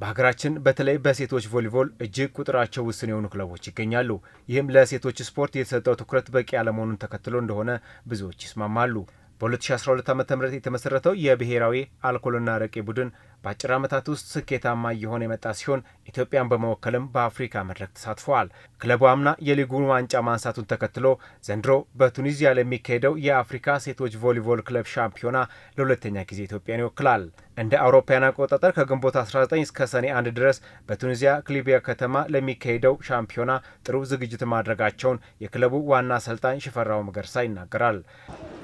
በሀገራችን በተለይ በሴቶች ቮሊቦል እጅግ ቁጥራቸው ውስን የሆኑ ክለቦች ይገኛሉ። ይህም ለሴቶች ስፖርት የተሰጠው ትኩረት በቂ አለመሆኑን ተከትሎ እንደሆነ ብዙዎች ይስማማሉ። በ2012 ዓ ም የተመሰረተው የብሔራዊ አልኮልና አረቄ ቡድን በአጭር ዓመታት ውስጥ ስኬታማ እየሆነ የመጣ ሲሆን ኢትዮጵያን በመወከልም በአፍሪካ መድረክ ተሳትፈዋል። ክለቡ አምና የሊጉን ዋንጫ ማንሳቱን ተከትሎ ዘንድሮ በቱኒዚያ ለሚካሄደው የአፍሪካ ሴቶች ቮሊቦል ክለብ ሻምፒዮና ለሁለተኛ ጊዜ ኢትዮጵያን ይወክላል። እንደ አውሮፓውያን አቆጣጠር ከግንቦት 19 እስከ ሰኔ 1 ድረስ በቱኒዚያ ክሊቢያ ከተማ ለሚካሄደው ሻምፒዮና ጥሩ ዝግጅት ማድረጋቸውን የክለቡ ዋና አሰልጣኝ ሽፈራው መገርሳ ይናገራል።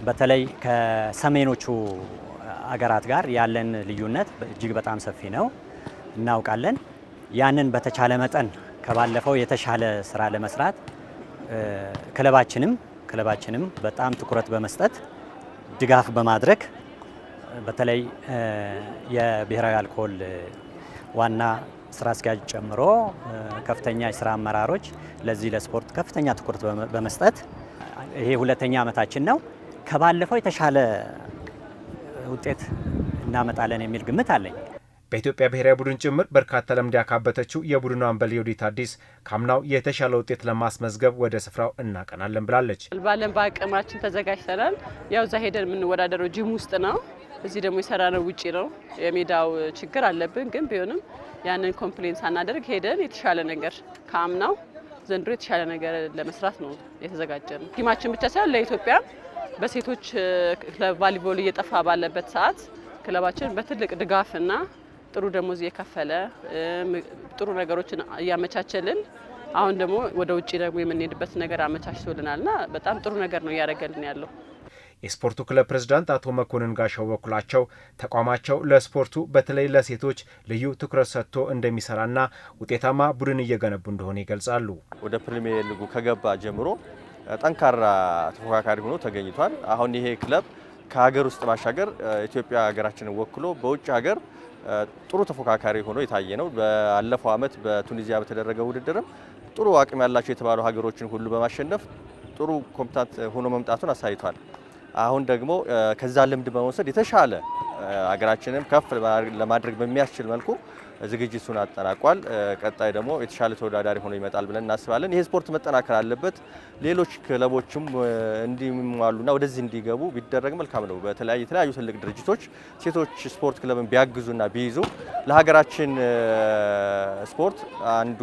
በተለይ ከሰሜኖቹ አገራት ጋር ያለን ልዩነት እጅግ በጣም ሰፊ ነው እናውቃለን። ያንን በተቻለ መጠን ከባለፈው የተሻለ ስራ ለመስራት ክለባችንም ክለባችንም በጣም ትኩረት በመስጠት ድጋፍ በማድረግ በተለይ የብሔራዊ አልኮል ዋና ስራ አስኪያጅ ጨምሮ ከፍተኛ የስራ አመራሮች ለዚህ ለስፖርት ከፍተኛ ትኩረት በመስጠት ይሄ ሁለተኛ ዓመታችን ነው። ከባለፈው የተሻለ ውጤት እናመጣለን የሚል ግምት አለኝ። በኢትዮጵያ ብሔራዊ ቡድን ጭምር በርካታ ልምድ ያካበተችው የቡድኑ አምበል ዮዲት አዲስ ካምናው የተሻለ ውጤት ለማስመዝገብ ወደ ስፍራው እናቀናለን ብላለች። ባለን በአቅማችን ተዘጋጅተናል። ያው እዛ ሄደን የምንወዳደረው ጅም ውስጥ ነው። እዚህ ደግሞ የሰራነው ውጪ ነው። የሜዳው ችግር አለብን፣ ግን ቢሆንም ያንን ኮምፕሌን ሳናደርግ ሄደን የተሻለ ነገር ከአምናው ዘንድሮ የተሻለ ነገር ለመስራት ነው የተዘጋጀ ነው። ቲማችን ብቻ ሳይሆን ለኢትዮጵያ በሴቶች ክለብ ቫሊቦል እየጠፋ ባለበት ሰዓት ክለባችን በትልቅ ድጋፍና ጥሩ ደሞዝ እየከፈለ ጥሩ ነገሮችን እያመቻቸልን አሁን ደግሞ ወደ ውጭ ደግሞ የምንሄድበት ነገር አመቻችቶልናልና በጣም ጥሩ ነገር ነው እያደረገልን ያለው። የስፖርቱ ክለብ ፕሬዝዳንት አቶ መኮንን ጋሻው በኩላቸው ተቋማቸው ለስፖርቱ በተለይ ለሴቶች ልዩ ትኩረት ሰጥቶ እንደሚሰራና ውጤታማ ቡድን እየገነቡ እንደሆነ ይገልጻሉ። ወደ ፕሪሚየር ሊጉ ከገባ ጀምሮ ጠንካራ ተፎካካሪ ሆኖ ተገኝቷል። አሁን ይሄ ክለብ ከሀገር ውስጥ ባሻገር ኢትዮጵያ ሀገራችንን ወክሎ በውጭ ሀገር ጥሩ ተፎካካሪ ሆኖ የታየ ነው። ባለፈው ዓመት በቱኒዚያ በተደረገ ውድድርም ጥሩ አቅም ያላቸው የተባሉ ሀገሮችን ሁሉ በማሸነፍ ጥሩ ኮምፒታንት ሆኖ መምጣቱን አሳይቷል። አሁን ደግሞ ከዛ ልምድ በመውሰድ የተሻለ ሀገራችንም ከፍ ለማድረግ በሚያስችል መልኩ ዝግጅቱን አጠናቋል። ቀጣይ ደግሞ የተሻለ ተወዳዳሪ ሆኖ ይመጣል ብለን እናስባለን። ይሄ ስፖርት መጠናከር አለበት። ሌሎች ክለቦችም እንዲሟሉና ወደዚህ እንዲገቡ ቢደረግ መልካም ነው። በተለያዩ የተለያዩ ትልቅ ድርጅቶች ሴቶች ስፖርት ክለብን ቢያግዙና ቢይዙ ለሀገራችን ስፖርት አንዱ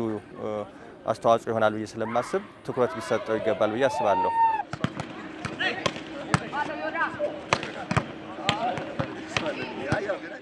አስተዋጽኦ ይሆናል ብዬ ስለማስብ ትኩረት ቢሰጠው ይገባል ብዬ አስባለሁ። ああ、これでいいですわ。